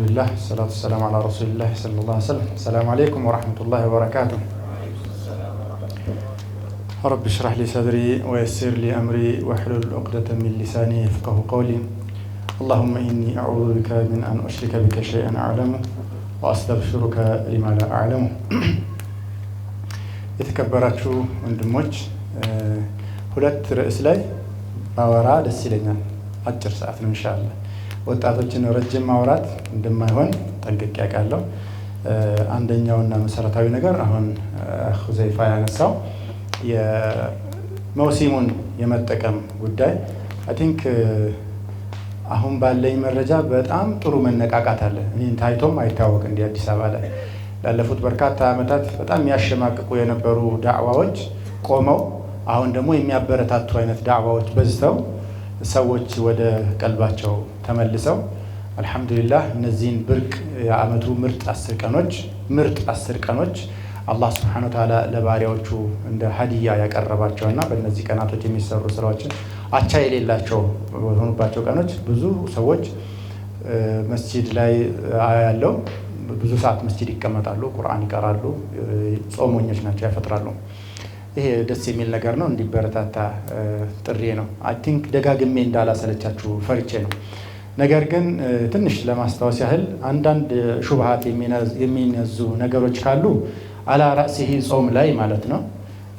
الحمد لله والصلاة والسلام على رسول الله صلى الله عليه وسلم السلام عليكم ورحمة الله وبركاته رب اشرح لي صدري ويسر لي أمري واحلل عقدة من لساني يفقه قولي اللهم إني أعوذ بك من أن أشرك بك شيئا أعلمه وأستغفرك لما لا أعلمه شو የተከበራችሁ ወንድሞች ሁለት ርዕስ ላይ ባወራ ደስ أجر አጭር إن شاء الله ወጣቶችን ረጅም ማውራት እንደማይሆን ጠንቅቄ አውቃለሁ። አንደኛውና መሰረታዊ ነገር አሁን ሁዘይፋ ያነሳው የመውሲሙን የመጠቀም ጉዳይ አይ ቲንክ አሁን ባለኝ መረጃ በጣም ጥሩ መነቃቃት አለ። እኔን ታይቶም አይታወቅ እንዲህ አዲስ አበባ ላይ ላለፉት በርካታ ዓመታት በጣም የሚያሸማቅቁ የነበሩ ዳዕዋዎች ቆመው አሁን ደግሞ የሚያበረታቱ አይነት ዳዕዋዎች በዝተው ሰዎች ወደ ቀልባቸው ተመልሰው አልሐምዱሊላህ እነዚህን ብርቅ የአመቱ ምርጥ አስር ቀኖች ምርጥ አስር ቀኖች አላህ ስብሐነ ወተዓላ ለባሪያዎቹ እንደ ሀዲያ ያቀረባቸውና በእነዚህ ቀናቶች የሚሰሩ ስራዎችን አቻ የሌላቸው በሆኑባቸው ቀኖች ብዙ ሰዎች መስጂድ ላይ ያለው ብዙ ሰዓት መስጂድ ይቀመጣሉ፣ ቁርአን ይቀራሉ፣ ጾመኞች ናቸው፣ ያፈጥራሉ። ይሄ ደስ የሚል ነገር ነው። እንዲበረታታ ጥሪ ነው። አይ ቲንክ ደጋግሜ እንዳላሰለቻችሁ ፈርቼ ነው። ነገር ግን ትንሽ ለማስታወስ ያህል አንዳንድ ሹብሃት የሚነዙ ነገሮች ካሉ አላ ራእሲሂ ጾም ላይ ማለት ነው።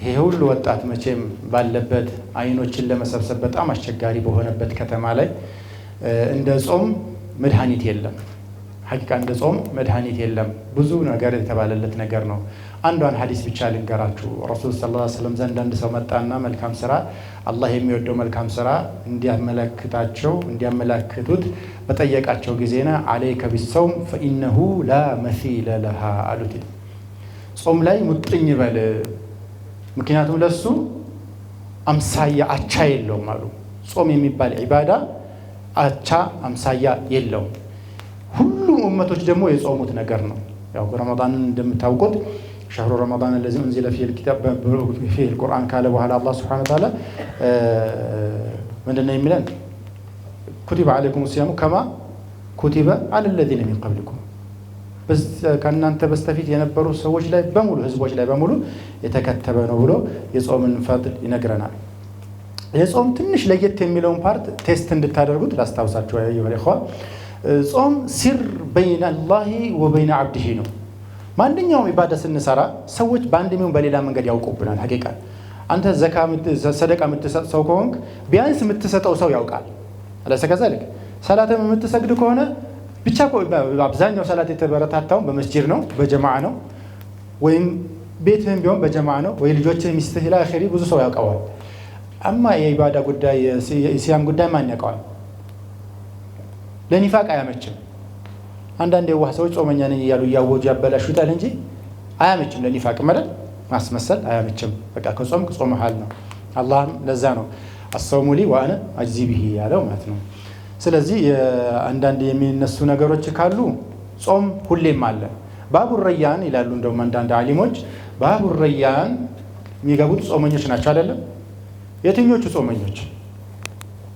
ይሄ ሁሉ ወጣት መቼም ባለበት አይኖችን ለመሰብሰብ በጣም አስቸጋሪ በሆነበት ከተማ ላይ እንደ ጾም መድኃኒት የለም። ሀቂቃ እንደ ጾም መድኃኒት የለም። ብዙ ነገር የተባለለት ነገር ነው። አንዷን ሀዲስ ብቻ ልንገራችሁ። ረሱል ሰለላሁ ላ ስለም ዘንድ አንድ ሰው መጣና መልካም ስራ አላህ የሚወደው መልካም ስራ እንዲያመለክታቸው እንዲያመላክቱት በጠየቃቸው ጊዜና አለይከ ቢሰውም ፈኢነሁ ላ መሲለ ለሃ አሉት። ጾም ላይ ሙጥኝ በል ምክንያቱም ለሱ አምሳያ አቻ የለውም አሉ። ጾም የሚባል ዒባዳ አቻ አምሳያ የለውም። ሁሉም እመቶች ደግሞ የጾሙት ነገር ነው። ያው ረመዳንን እንደምታውቁት ሸህሩ ረመዳን ለዚ እንዚለ ፊሂል ቁርአን ካለ በኋላ አላህ ስብሐነ ወተዓላ ምንድን ነው የሚለን? ኩቲበ ዓለይኩም ሲያሙ ከማ ኩቲበ አለ ሚን ቀብሊኩም ከእናንተ በስተፊት የነበሩ ሰዎች ላይ በሙሉ ህዝቦች ላይ በሙሉ የተከተበ ነው ብሎ የጾምን ፈድል ይነግረናል። የጾም ትንሽ ለየት የሚለውን ፓርት ቴስት እንድታደርጉት ላስታውሳችሁ ይኸ ጾም ሲር በይነ አላሂ ወበይነ አብድሂ ነው። ማንኛውም ኢባዳ ስንሰራ ሰዎች በአንድ ሚሆን በሌላ መንገድ ያውቁብናል። ሀቂቃ አንተ ዘካ ሰደቃ የምትሰጥ ሰው ከሆንክ ቢያንስ የምትሰጠው ሰው ያውቃል። አለሰከዘልክ ሰላትም የምትሰግድ ከሆነ ብቻ አብዛኛው ሰላት የተበረታታውን በመስጂድ ነው፣ በጀማ ነው፣ ወይም ቤትህም ቢሆን በጀማ ነው፣ ወይ ልጆች ሚስትህ፣ ብዙ ሰው ያውቀዋል። አማ የኢባዳ ጉዳይ የሲያም ጉዳይ ማን ያውቀዋል? ለኒፋቅ አያመችም። አንዳንድ የዋህ ሰዎች ጾመኛ ነኝ እያሉ እያወጁ ያበላሹታል እንጂ አያመችም። ለኒፋቅ መለል ማስመሰል አያመችም። በቃ ከጾም ጾመሃል ነው። አላህም ለዛ ነው አሰውሙ ሊ ዋአነ አጅዚ ብሂ ያለው ማለት ነው። ስለዚህ አንዳንድ የሚነሱ ነገሮች ካሉ ጾም ሁሌም አለ። ባቡ ረያን ይላሉ። እንደውም አንዳንድ አሊሞች ባቡ ረያን የሚገቡት ጾመኞች ናቸው አይደለም። የትኞቹ ጾመኞች?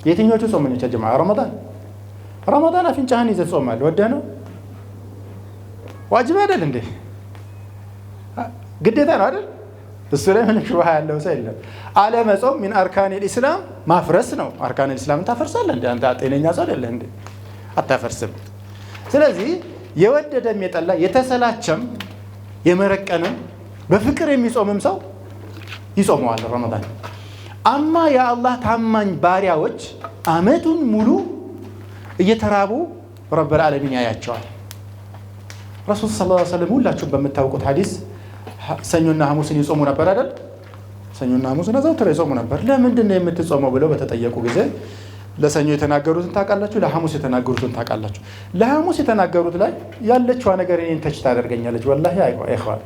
የትኞቹ ጾመኞች? ጀማ ረመዳን ረመዳን አፍንጫህን ይዘህ ትጾማለህ። ወደህ ነው ዋጅብ አይደል እንዴ? ግዴታ ነው አይደል? እሱ ላይ ምንም ሽባህ ያለው ሰው የለም። አለመጾም ሚን አርካን ልኢስላም ማፍረስ ነው። አርካን ልኢስላምን ታፈርሳለህ እንዴ? አንተ ጤነኛ ሰው አይደለህ እንዴ? አታፈርስም። ስለዚህ የወደደም የጠላ የተሰላቸም የመረቀንም በፍቅር የሚጾምም ሰው ይጾመዋል ረመዳን። አማ የአላህ ታማኝ ባሪያዎች አመቱን ሙሉ እየተራቡ ረበል ዓለሚን ያያቸዋል። ረሱል ሰለላሁ ዐለይሂ ወሰለም ሁላችሁም በምታውቁት ሐዲስ ሰኞና ሐሙስን ይጾሙ ነበር አይደል? ሰኞና ሐሙስን አዘውትረው ይጾሙ ነበር። ለምንድን ነው የምትጾመው ብለው በተጠየቁ ጊዜ ለሰኞ የተናገሩትን ታውቃላችሁ፣ ለሐሙስ የተናገሩትን ታውቃላችሁ። ለሐሙስ የተናገሩት ላይ ያለችዋ ነገር እኔን ተች ታደርገኛለች። ወላሂ አይኸዋል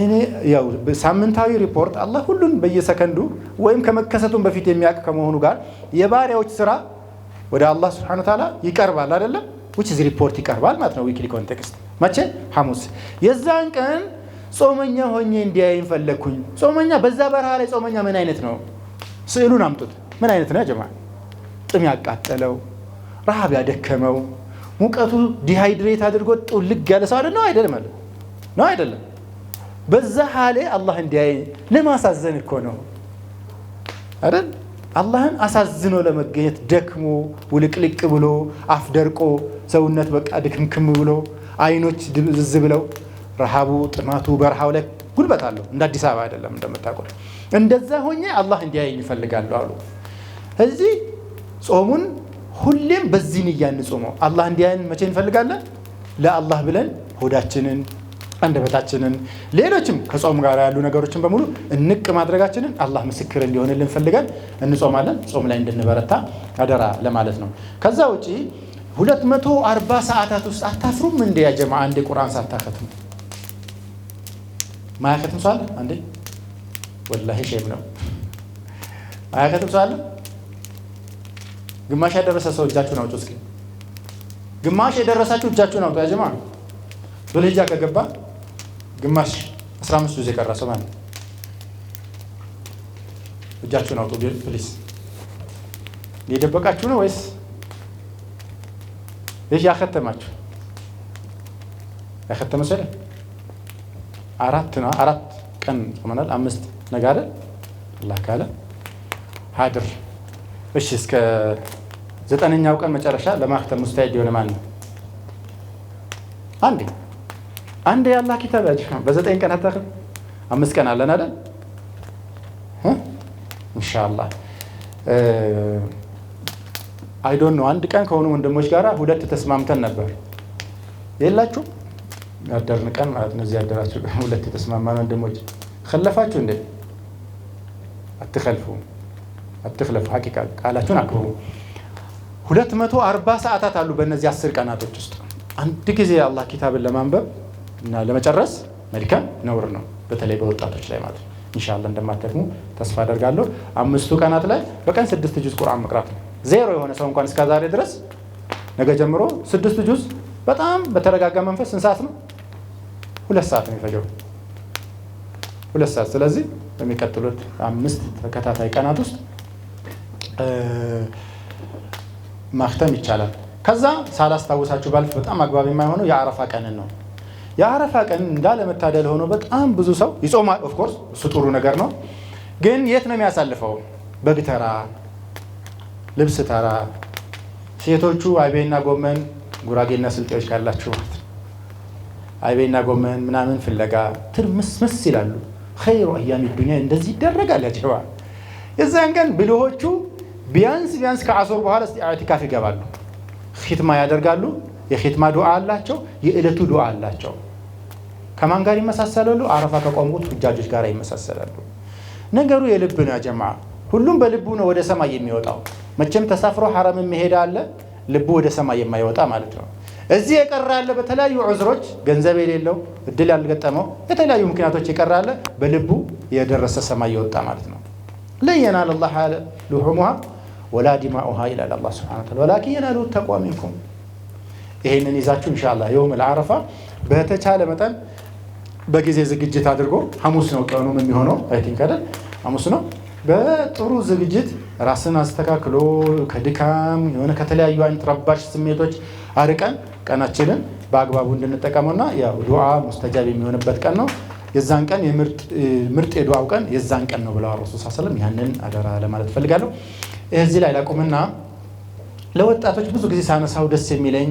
እኔ ያው ሳምንታዊ ሪፖርት አላህ ሁሉን በየሰከንዱ ወይም ከመከሰቱን በፊት የሚያውቅ ከመሆኑ ጋር የባሪያዎች ስራ ወደ አላህ ስብሐነ ተዓላ ይቀርባል አይደለም which is ሪፖርት ይቀርባል ማለት ነው ዊክሊ ኮንቴክስት መቼ ሐሙስ የዛን ቀን ጾመኛ ሆኜ እንዲያይን ፈለግኩኝ ጾመኛ በዛ በረሃ ላይ ጾመኛ ምን አይነት ነው ስዕሉን አምጡት ምን አይነት ነው ጀማ ጥም ያቃጠለው ረሃብ ያደከመው ሙቀቱ ዲሃይድሬት አድርጎ ጥውልግ ያለ ሰው አይደል ነው አይደለም ነው አይደለም በዛ ሀሌ አላህ እንዲያይ ለማሳዘን እኮ ነው አይደል አላህን አሳዝኖ ለመገኘት ደክሞ ውልቅልቅ ብሎ አፍ ደርቆ ሰውነት በቃ ድክምክም ብሎ አይኖች ዝዝ ብለው ረሃቡ፣ ጥማቱ፣ በረሃው ላይ ጉልበት አለው። እንደ አዲስ አበባ አይደለም እንደምታውቁት። እንደዛ ሆኜ አላህ እንዲያየኝ ይፈልጋሉ አሉ። እዚህ ጾሙን ሁሌም በዚህ ንያ እንጾመው። አላህ እንዲያየን መቼ እንፈልጋለን? ለአላህ ብለን ሆዳችንን አንደበታችንን ሌሎችም ከጾም ጋር ያሉ ነገሮችን በሙሉ እንቅ ማድረጋችንን አላህ ምስክር እንዲሆንልን ፈልገን እንጾማለን። ጾም ላይ እንድንበረታ አደራ ለማለት ነው። ከዛ ውጪ 240 ሰዓታት ውስጥ አታፍሩም እንዴ? ያጀማ አንዴ እንዴ ቁርአን ሳታከትሙ ማያከትም ሰው አለ እንዴ? ወላሂ ሼም ነው። ማያከትም ሰው አለ። ግማሽ ያደረሰ ሰው እጃችሁን አውጡ እስኪ። ግማሽ የደረሳችሁ እጃችሁን አውጡ። ያጀማ ጀማዓ ከገባ ግማሽ 15 ጊዜ ቀራ ሰው ማለት ነው። እጃችሁን አውጡ ፕሊስ። የደበቃችሁ ነው ወይስ ይህ ያከተማችሁ? ያከተመ ሰው አራት ነው። አራት ቀን ጾመናል። አምስት ነገ አይደል አላህ ካለ ሀድር እሺ፣ እስከ ዘጠነኛው ቀን መጨረሻ ለማክተም ሙስተሂድ የሆነ ማን ነው? አንዴ አንድ ያላህ ኪታብ ያጅፋን በዘጠኝ ቀን አታክል አምስት ቀን አለን አይደል? እንሻላ አይዶን ነው። አንድ ቀን ከሆኑ ወንድሞች ጋር ሁለት ተስማምተን ነበር። የላችሁ ያደርን ቀን ማለት ነው። እዚህ ያደራችሁ ሁለት የተስማማን ወንድሞች ከለፋችሁ እንዴ? አትከልፉ፣ አትክለፉ። ሀቂቃ ቃላችሁን አክብሩ። ሁለት መቶ አርባ ሰዓታት አሉ በእነዚህ አስር ቀናቶች ውስጥ አንድ ጊዜ አላህ ኪታብን ለማንበብ እና ለመጨረስ መድከም ነውር ነው፣ በተለይ በወጣቶች ላይ ማለት ነው። ኢንሻላ እንደማትደክሙ ተስፋ አደርጋለሁ። አምስቱ ቀናት ላይ በቀን ስድስት ጁዝ ቁርአን መቅራት ነው። ዜሮ የሆነ ሰው እንኳን እስከ ዛሬ ድረስ ነገ ጀምሮ ስድስት ጁዝ በጣም በተረጋጋ መንፈስ ስንት ሰዓት ነው? ሁለት ሰዓት ነው የሚፈጀው፣ ሁለት ሰዓት። ስለዚህ በሚቀጥሉት አምስት ተከታታይ ቀናት ውስጥ ማክተም ይቻላል። ከዛ ሳላስታውሳችሁ ባልፍ በጣም አግባብ የማይሆነው የአረፋ ቀንን ነው። የአረፋ ቀን እንዳለመታደል ሆኖ በጣም ብዙ ሰው ይጾማል። ኦፍኮርስ እሱ ጥሩ ነገር ነው። ግን የት ነው የሚያሳልፈው? በግ ተራ፣ ልብስ ተራ፣ ሴቶቹ አይቤና ጎመን ጉራጌና ስልጤዎች ካላችሁ ማለት ነው። አይቤና ጎመን ምናምን ፍለጋ ትርምስምስ ይላሉ። ኸይሩ አያሚ ዱኒያ እንደዚህ ይደረጋል። ያጀባ የዛን ቀን ብልሆቹ ቢያንስ ቢያንስ ከአሶር በኋላ ስ ኢዕቲካፍ ይገባሉ። ኺትማ ያደርጋሉ። የኺትማ ዱዓ አላቸው። የእለቱ ዱዓ አላቸው። ከማን ጋር ይመሳሰላሉ? አረፋ ከቆሙት ሁጃጆች ጋር ይመሳሰላሉ። ነገሩ የልብ ነው ያጀማ። ሁሉም በልቡ ነው ወደ ሰማይ የሚወጣው። መቼም ተሳፍሮ ሐረም የሚሄድ አለ፣ ልቡ ወደ ሰማይ የማይወጣ ማለት ነው። እዚህ የቀረ በተለያዩ ዑዝሮች ገንዘብ የሌለው እድል ያልገጠመው የተለያዩ ምክንያቶች የቀረ በልቡ የደረሰ ሰማይ የወጣ ማለት ነው። ለን የናል ላ ልሑሙሃ ወላ ዲማኡሃ ይላል አላህ ሱብሓነሁ ወተዓላ ወላኪን የናሉ ተቋሚንኩም። ይሄንን ይዛችሁ ኢንሻአላህ የውም አረፋ በተቻለ መጠን በጊዜ ዝግጅት አድርጎ ሐሙስ ነው ቀኑም የሚሆነው አይ ቲንክ አይደል ሐሙስ ነው። በጥሩ ዝግጅት ራስን አስተካክሎ ከድካም የሆነ ከተለያዩ አይነት ረባሽ ስሜቶች አርቀን ቀናችንን በአግባቡ እንድንጠቀመውና ያው ዱዓ ሙስተጃብ የሚሆንበት ቀን ነው። የዛን ቀን ምርጥ የዱዓው ቀን የዛን ቀን ነው ብለዋል ረሱል ሰለም። ያንን አደራ ለማለት እፈልጋለሁ። እዚህ ላይ ላቁምና ለወጣቶች ብዙ ጊዜ ሳነሳው ደስ የሚለኝ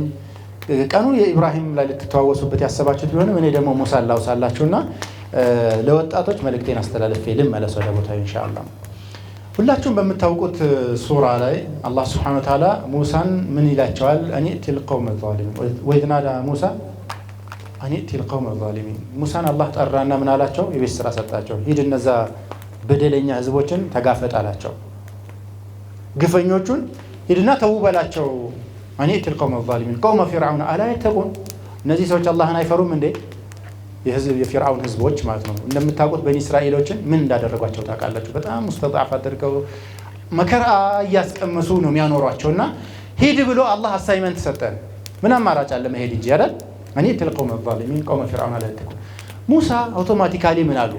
ቀኑ የኢብራሂም ላይ ልትተዋወሱበት ያሰባችሁት ቢሆንም እኔ ደግሞ ሙሳ ላውሳላችሁና ለወጣቶች መልእክቴን አስተላልፌ ልመለስ ወደ ቦታ እንሻላ። ሁላችሁም በምታውቁት ሱራ ላይ አላህ ስብሐነሁ ወተዓላ ሙሳን ምን ይላቸዋል? አኒእቲል ልቀውም ዛሊሚን ወይዝናዳ ሙሳ አኒእቲል ልቀውም ዛሊሚን። ሙሳን አላህ ጠራና ምን አላቸው? የቤት ስራ ሰጣቸው። ሂድ እነዛ በደለኛ ህዝቦችን ተጋፈጥ አላቸው። ግፈኞቹን ሂድና ተው አኒእቲ ልቀውመ ዛሊሚን ቀውመ ፊርዓውን አላ የተቁን እነዚህ ሰዎች አላህን አይፈሩም እንዴ? የፊርዓውን ህዝቦች ማለት ነው። እንደምታውቁት በኒ እስራኤሎችን ምን እንዳደረጓቸው ታውቃላችሁ። በጣም ሙስተጣፍ አድርገው መከራ እያስቀመሱ ነው የሚያኖሯቸው እና ሂድ ብሎ አላህ አሳይመንት ሰጠን። ምን አማራጭ አለ መሄድ እንጂ አይደል? አኒእቲ ልቀውመ ዛሊሚን ቀውመ ፊርዓውን አላ የተቁን ሙሳ አውቶማቲካሊ ምን አሉ?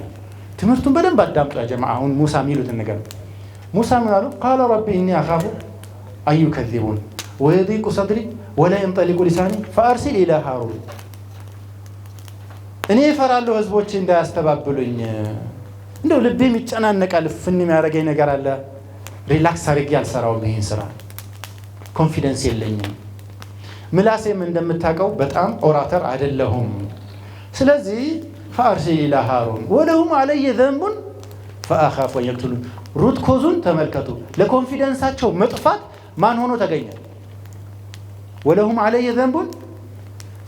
ትምህርቱን በደንብ አዳምጡ ያጀማ። አሁን ሙሳ የሚሉትን ነገር ሙሳ ምን አሉ? ቃለ ረቢ እኒ አኻፉ አዩከዚቡን ወየዲቁ ሰድሪ ወላ የንጠሊቁ ሊሳኒ ፈአርሲል ኢላ ሃሩን እኔ እፈራለሁ ህዝቦች እንዳያስተባብሉኝ እንደው ልቤም ይጨናነቃል ፍን የሚያደርገኝ ነገር አለ ሪላክስ አድርጌ አልሰራውም ይህን ስራ ኮንፊደንስ የለኝም ምላሴም እንደምታውቀው በጣም ኦራተር አይደለሁም ስለዚህ ፈአርሲል ኢላ ሃሩን ወለሁም አለየ ዘንቡን ፈአኻፍ ወየቅትሉን ሩት ኮዙን ተመልከቱ ለኮንፊደንሳቸው መጥፋት ማን ሆኖ ተገኘ ወለሁም አለየ ዘንቡን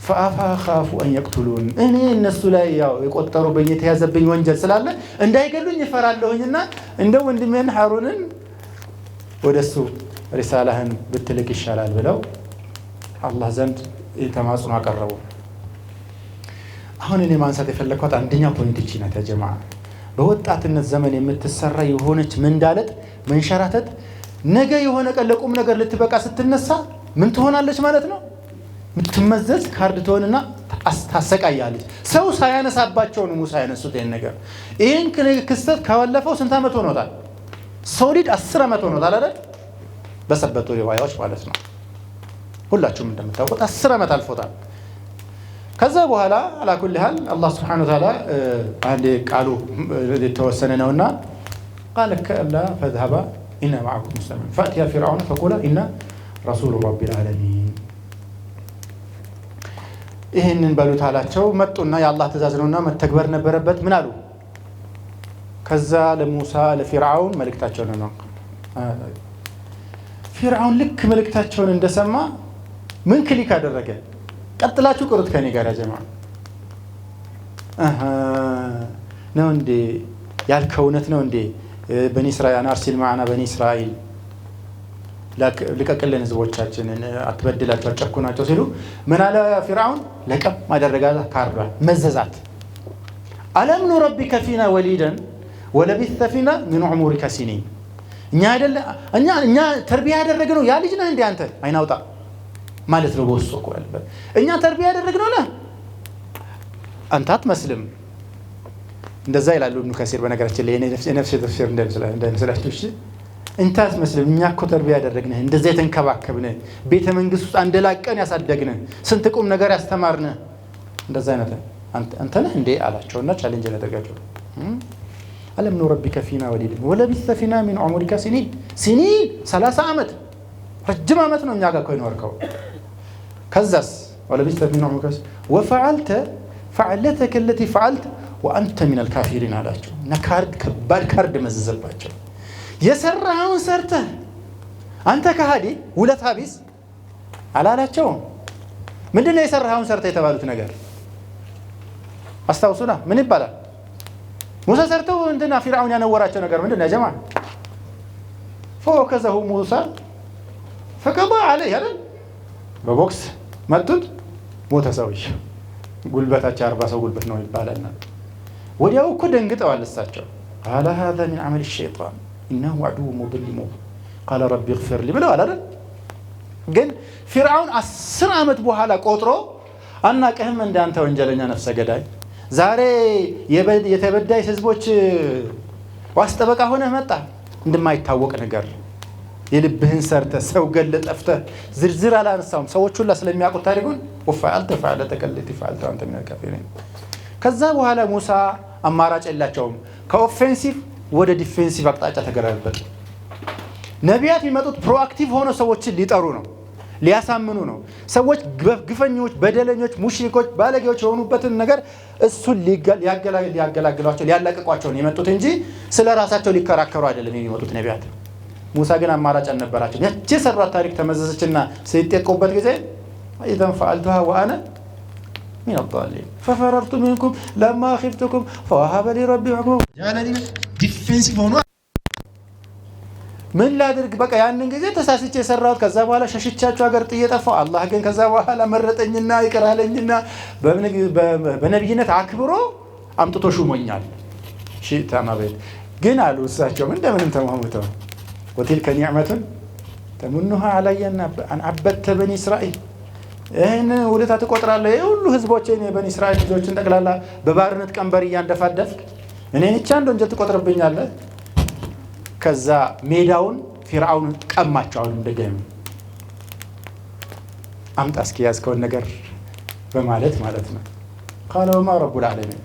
ፈአፋ ካፉ አን የቅቱሉን እኔ እነሱ ላይ ያው የቆጠሩብኝ የተያዘብኝ ወንጀል ስላለ እንዳይገሉኝ እፈራለሁኝና እንደ ወንድሜን ሀሩንን ወደሱ እሱ ሪሳላህን ብትልቅ ይሻላል ብለው አላህ ዘንድ ተማጽኖ አቀረቡ። አሁን እኔ ማንሳት የፈለግኳት አንደኛ ፖይንት ይቺ ናት። ያጀማ በወጣትነት ዘመን የምትሰራ የሆነች መንዳለጥ፣ መንሸራተት ነገ የሆነ ቀን ለቁም ነገር ልትበቃ ስትነሳ ምን ትሆናለች ማለት ነው? ምትመዘዝ ካርድ ትሆንና ታሰቃያለች። ሰው ሳያነሳባቸው ነው ሙሳ ያነሱት ይህን ነገር። ይህን ክስተት ካለፈው ስንት ዓመት ሆኖታል? ሶሊድ አስር ዓመት ሆኖታል አይደል? በሰበቱ ሪዋያዎች ማለት ነው። ሁላችሁም እንደምታውቁት አስር ዓመት አልፎታል። ከዛ በኋላ አላኩል ያህል አላህ ስብሐነሁ ወተዓላ አንዴ ቃሉ የተወሰነ ነውና ቃለ ከላ ፈዝሀባ ኢና መዓኩም ሙስሊሙን ፈእትያ ፊርዐውነ ፈቁላ ኢና ረሱሉ ረቢል ዓለሚን ይህንን በሉት አላቸው። መጡና የአላህ ትእዛዝ ነውና መተግበር ነበረበት። ምን አሉ? ከዛ ለሙሳ ለፊርዓውን መልእክታቸውን ነው። ፊርዓውን ልክ መልእክታቸውን እንደሰማ ምን ክሊክ አደረገ? ቀጥላችሁ ቅሩት ከኔ ጋር ያጀማ ነው እንዴ ያልከው እውነት ነው እንዴ? በኒ እስራኤል አርሲል ማዕና በኒ እስራኤል ልቀቅልን ህዝቦቻችንን፣ አትበድላቸው፣ አጨኩናቸው ሲሉ ምን አለ ፊርዓውን? ለቀም ማደረጋት ካርዷል፣ መዘዛት። አለም ኑ ኑረቢከ ፊና ወሊደን ወለቢስተ ፊና ምን ዑሙሪከ ሲኒን። እኛ አይደለ እኛ እኛ ተርቢያ ያደረግ ነው ያ ልጅ ነህ እንዲ አንተ አይናውጣ ማለት ነው። በውስጡ እኮ ያለበት እኛ ተርቢያ ያደረግ ነው ነህ አንተ አትመስልም። እንደዛ ይላሉ እብኑ ከሲር። በነገራችን ላይ የነፍሴ ተፍሲር እንደምስላችሁ እሺ እንታ ያስመስልን እኛ እኮ ተርቢያ ያደረግንህ እንደዚያ የተንከባከብንህ ቤተ መንግስት ውስጥ አንደላቀን ያሳደግንህ ስንት ቁም ነገር ያስተማርንህ እንደዛ አይነት አንተ ነህ እንዴ አላቸውና ቻሌንጅ ያደረጋቸው አለም ኑ ረቢከ ፊና ወሊድን ወለቢሰ ፊና ሚን ዑሙሪከ ሲኒን ሲኒን 30 ዓመት ረጅም ዓመት ነው እኛ ጋር እኮ የኖርከው ከዛስ ወለቢሰ ፊና ዑሙሪከ ወፈዓልተ ፈዓለተከ ለቲ ፈዓልተ ወአንተ ሚነል ካፊሪን አላቸው እና ካርድ ከባድ ካርድ መዘዘባቸው የሰራኸውን ሰርተህ አንተ ከሃዲ ውለታ ቢስ አላላቸውም። ምንድን ነው የሰራኸውን ሰርተህ የተባሉት ነገር? አስታውሱና ምን ይባላል? ሙሳ ሰርተው እንትና ፊርዓውን ያነወራቸው ነገር ምንድን ነው ጀማ? ፎከዘሁ ሙሳ ፈቀባ አለ ያለ በቦክስ መጡት፣ ሞተ ሰውዬ። ጉልበታቸው አርባ ሰው ጉልበት ነው ይባላልና፣ ወዲያው እኮ ደንግጠዋል እሳቸው። ቃለ ሚን አመል ሸይጣን ኢናሁ አዕዱው ሙድል ቃለ ረቢ ግፊር ሊ ብለዋል አይደል? ግን ፊርዓውን አስር ዓመት በኋላ ቆጥሮ አናቅህም እንዳንተ ወንጀለኛ ነፍሰ ገዳይ ዛሬ የተበዳይ ህዝቦች ዋስ ጠበቃ ሆነህ መጣ እንደማይታወቅ ነገር የልብህን ሰርተህ ሰው ገለህ ጠፍተህ ዝርዝር አላነሳውም። ሰዎች ሁላ ስለሚያውቁት ታሪኩን ወፈዓልተ ፈዓለተ ከለቲ ፈዓልተ አንተ ከዛ በኋላ ሙሳ አማራጭ የላቸውም ከኦፌንሲቭ ወደ ዲፌንሲቭ አቅጣጫ ተገለበጠ። ነቢያት የሚመጡት ፕሮአክቲቭ ሆኖ ሰዎችን ሊጠሩ ነው፣ ሊያሳምኑ ነው። ሰዎች ግፈኞች፣ በደለኞች፣ ሙሽሪኮች፣ ባለጌዎች የሆኑበትን ነገር እሱን ሊያገላግሏቸው፣ ሊያላቀቋቸው ነው የመጡት እንጂ ስለ ራሳቸው ሊከራከሩ አይደለም የሚመጡት ነቢያት። ሙሳ ግን አማራጭ አልነበራቸው። ያቺ የሰራት ታሪክ ተመዘሰችና ሲጠቁበት ጊዜ ኢዘን ፈአልቱሃ ወአነ ሚነ ዷሊን ፈፈረርቱ ሚንኩም ለማ ኺፍቱኩም ፈወሀበ ረቢ ሑክመን ዲፌንሲቭ ሆኖ ምን ላድርግ፣ በቃ ያንን ጊዜ ተሳስቼ የሰራሁት ከዛ በኋላ ሸሽቻቸው ሀገር ጥዬ ጠፋሁ። አላህ ግን ከዛ በኋላ መረጠኝና ይቅር አለኝና በነቢይነት አክብሮ አምጥቶ ሹሞኛል። ሺታማቤት ግን አሉ እሳቸውም እንደምንም ተሟሙተው ወቲልከ ኒዕመቱን ተሙኑሃ አላየና አበተ በኒ እስራኤል ይህን ውለታ ትቆጥራለህ። ሁሉ ህዝቦችን የበኒ እስራኤል ልጆችን ጠቅላላ በባርነት ቀንበር እያንደፋደፍክ እኔን ብቻ እንደ ወንጀል ትቆጥርብኛለህ? ከዛ ሜዳውን ፊርአውን ቀማቸው። አሁን እንደገና አምጣ እስኪ ያዝከውን ነገር በማለት ማለት ነው። ካለ ወማ ረቡል ዓለሚን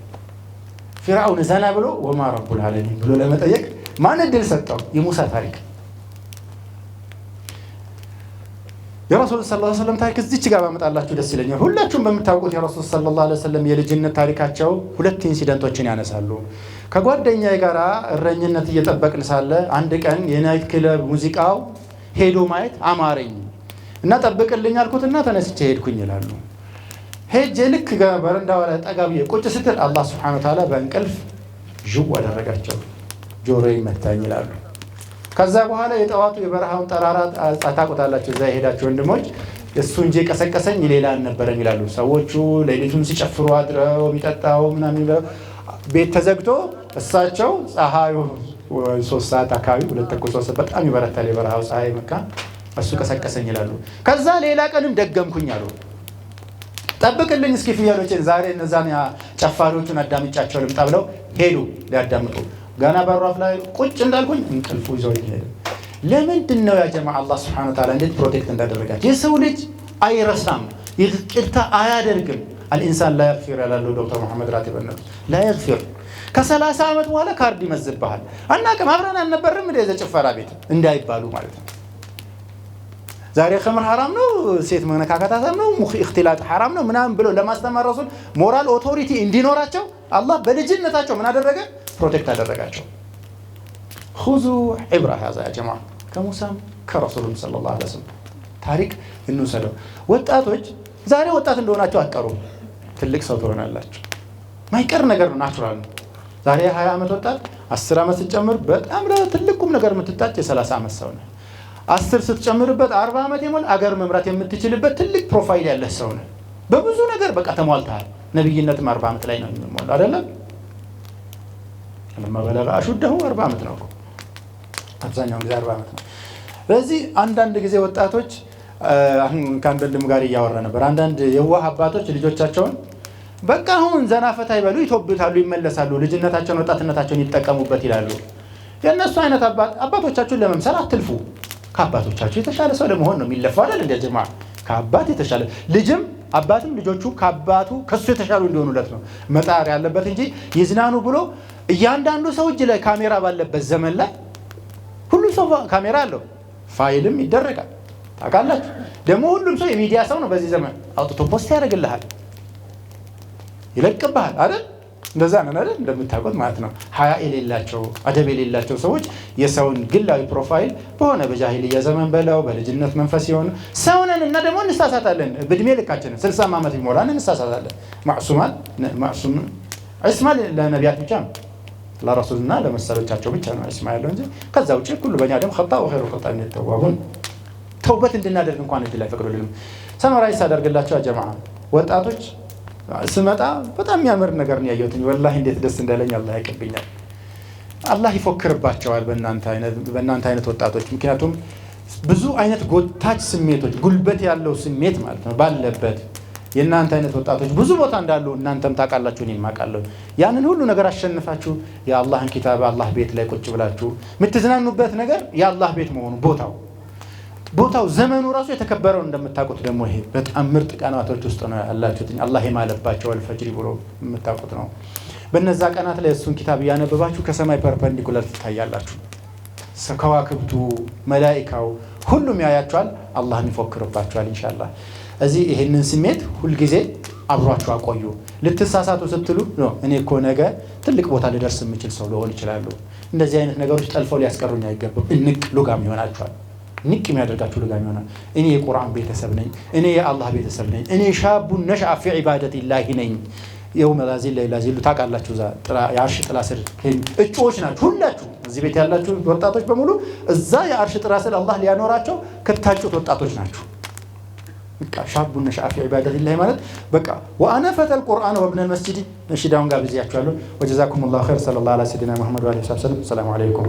ፊርአውን ዘና ብሎ ወማ ረቡል ዓለሚን ብሎ ለመጠየቅ ማን እድል ሰጠው? የሙሳ ታሪክ የረሱል ስ ሰለም ታሪክ እዚች ጋር ባመጣላችሁ ደስ ይለኛል። ሁላችሁም በምታውቁት የረሱል ስ ላ ሰለም የልጅነት ታሪካቸው ሁለት ኢንሲደንቶችን ያነሳሉ። ከጓደኛ ጋር እረኝነት እየጠበቅን ሳለ አንድ ቀን የናይት ክለብ ሙዚቃው ሄዶ ማየት አማረኝ እና ጠብቅልኝ አልኩትና ተነስቼ ሄድኩኝ ይላሉ። ሄጄ ልክ በረንዳዋ ላይ ጠጋ ብዬ ቁጭ ስትል አላህ ስብሐነሁ ወተዓላ በእንቅልፍ ዥው አደረጋቸው፣ ጆሮዬ መታኝ ይላሉ። ከዛ በኋላ የጠዋቱ የበረሃውን ጠራራ ታውቁታላችሁ። እዛ የሄዳችሁ ወንድሞች እሱ እንጂ የቀሰቀሰኝ ሌላ አልነበረም ይላሉ ሰዎቹ። ሌሊቱም ሲጨፍሩ አድረው የሚጠጣው ምናምን ቤት ተዘግቶ እሳቸው ፀሐዩ ሶስት ሰዓት አካባቢ ሁለት ተኩል ሶስት በጣም ይበረታል የበረሃው ፀሐይ መካ እሱ ቀሰቀሰኝ ይላሉ። ከዛ ሌላ ቀንም ደገምኩኝ አሉ። ጠብቅልኝ እስኪ ፍየሎችን ዛሬ እነዛን ጨፋሪዎቹን አዳምጫቸው ልምጣ ብለው ሄዱ ሊያዳምጡ። ገና በሯፍ ላይ ቁጭ እንዳልኩኝ እንቅልፉ ይዘው ሄደ። ለምንድን ነው ያጀማ አላህ ስብሐነ ወተዓላ እንዴት ፕሮቴክት እንዳደረጋቸው የሰው ልጅ አይረሳም፣ ይቅርታ አያደርግም አልኢንሳን ላያግፊር ያላለው ዶክተር መሐመድ ራቴ በነሩ ላያግፊር ከሰላሳ ዓመት በኋላ ካርድ ይመዝብሃል። አናውቅም አብረን አልነበርም እንደዚ ጭፈራ ቤት እንዳይባሉ ማለት ነው። ዛሬ ከምር ሐራም ነው፣ ሴት መነካከት ሐራም ነው፣ እክትላጥ ሐራም ነው ምናምን ብለው ለማስተማር ረሱል ሞራል ኦቶሪቲ እንዲኖራቸው አላህ በልጅነታቸው ምን አደረገ? ፕሮቴክት አደረጋቸው። ሁዙ ዕብራ ያዛ ጀማ ከሙሳም ከረሱሉም ሰለላሁ ዐለይሂ ወሰለም ታሪክ እንውሰደው። ወጣቶች ዛሬ ወጣት እንደሆናቸው አትቀሩም። ትልቅ ሰው ትሆናላችሁ። ማይቀር ነገር ነው፣ ናቹራል ነው። ዛሬ 20 ዓመት ወጣት፣ 10 ዓመት ስትጨምር በጣም ትልቁም ነገር የምትታጭ የ30 ዓመት ሰው ነህ። አስር ስትጨምርበት 40 ዓመት የሞላ አገር መምራት የምትችልበት ትልቅ ፕሮፋይል ያለህ ሰው ነህ። በብዙ ነገር በቃ ተሟልተሃል። ነብይነትም 40 ዓመት ላይ ነው የሚሞላው አይደለም? ለማበለጋ አሹደሁ 40 ዓመት ነው። አብዛኛውን ጊዜ 40 ዓመት ነው። ስለዚህ አንዳንድ ጊዜ ወጣቶች አሁን ከአንበልም ጋር እያወራ ነበር። አንዳንድ የዋህ አባቶች ልጆቻቸውን በቃ አሁን ዘናፈታ ይበሉ፣ ይቶብታሉ፣ ይመለሳሉ፣ ልጅነታቸውን ወጣትነታቸውን ይጠቀሙበት ይላሉ። የእነሱ አይነት አባቶቻችሁን ለመምሰል አትልፉ። ከአባቶቻችሁ የተሻለ ሰው ለመሆን ነው የሚለፈው አይደል? እንደ ጀማ ከአባት የተሻለ ልጅም አባትም ልጆቹ ከአባቱ ከሱ የተሻሉ እንዲሆኑለት ነው መጣር ያለበት እንጂ ይዝናኑ ብሎ እያንዳንዱ ሰው እጅ ላይ ካሜራ ባለበት ዘመን ላይ ሁሉ ሰው ካሜራ አለው፣ ፋይልም ይደረጋል። ታውቃላችሁ። ደግሞ ሁሉም ሰው የሚዲያ ሰው ነው በዚህ ዘመን። አውጥቶ ፖስት ያደርግልሃል፣ ይለቅብሃል አይደል? እንደዛ ነን አይደል? እንደምታውቁት ማለት ነው። ሀያ የሌላቸው አደብ የሌላቸው ሰዎች የሰውን ግላዊ ፕሮፋይል በሆነ በጃሂልያ ዘመን በለው በልጅነት መንፈስ የሆኑ ሰውነን እና ደግሞ እንሳሳታለን። ብድሜ ልካችንን ስልሳም ዓመት ይሞላን እንሳሳታለን። ማዕሱማን ማዕሱም ዒስማ ለነቢያት ብቻ ነው ለረሱልና ለመሰሎቻቸው ብቻ ነው ዒስማ ያለው እንጂ ከዛ ውጭ ሁሉ በእኛ ደግሞ ከጣ ወኸይሩ ከጣ የሚተዋቡን ተውበት እንድናደርግ እንኳን እድል አይፈቅዱልንም። ሰመራዊ ሳደርግላቸው ጀማ ወጣቶች ስመጣ በጣም የሚያምር ነገር ነው ያየሁትኝ። ወላሂ እንዴት ደስ እንዳለኝ አላህ ያቅብኛል አላህ ይፎክርባቸዋል በእናንተ አይነት ወጣቶች። ምክንያቱም ብዙ አይነት ጎታች ስሜቶች፣ ጉልበት ያለው ስሜት ማለት ነው ባለበት የእናንተ አይነት ወጣቶች ብዙ ቦታ እንዳሉ እናንተም ታውቃላችሁ፣ እኔም አውቃለሁ። ያንን ሁሉ ነገር አሸንፋችሁ የአላህን ኪታብ አላህ ቤት ላይ ቁጭ ብላችሁ የምትዝናኑበት ነገር የአላህ ቤት መሆኑ ቦታው ቦታው ዘመኑ ራሱ የተከበረው እንደምታውቁት ደግሞ ይሄ በጣም ምርጥ ቀናቶች ውስጥ ነው ያላችሁት። አላህ የማለባቸው አልፈጅሪ ብሎ የምታውቁት ነው። በነዛ ቀናት ላይ እሱን ኪታብ እያነበባችሁ ከሰማይ ፐርፐንዲኩለር ትታያላችሁ። ከዋክብቱ፣ መላኢካው ሁሉም ያያችኋል። አላህን ይፎክርባችኋል። እንሻላ እዚህ ይህንን ስሜት ሁልጊዜ አብሯችሁ አቆዩ። ልትሳሳቱ ስትሉ እኔ እኮ ነገ ትልቅ ቦታ ልደርስ የምችል ሰው ልሆን ይችላሉ። እንደዚህ አይነት ነገሮች ጠልፈው ሊያስቀሩኝ አይገባም። እንቅ ሉጋም ይሆናችኋል። ንቅ የሚያደርጋችሁ ድጋሚ ይሆናል። እኔ የቁርአን ቤተሰብ ነኝ፣ እኔ የአላህ ቤተሰብ ነኝ፣ እኔ ሻቡ ነሽአ ፊ ዒባደት ላሂ ነኝ። የውመ ላዚል ላዚሉ ታውቃላችሁ፣ የአርሽ ጥላ ስር እጩዎች ናችሁ ሁላችሁ። እዚህ ቤት ያላችሁ ወጣቶች በሙሉ እዛ የአርሽ ጥላ ስር አላህ ሊያኖራቸው ከታጩት ወጣቶች ናቸው። ሻቡ ነሽአ ፊ ዒባደት ላሂ ማለት በቃ ወአነ ፈተል ቁርአን ወብነል መስጂድ ጋር ጋብዣችኋለሁ። ወጀዛኩም ላሁ ኸይር። ሰለላሁ ዐላ ሰይዲና ሙሐመድ ወአሊሂ ወሰለም። ሰላሙ አለይኩም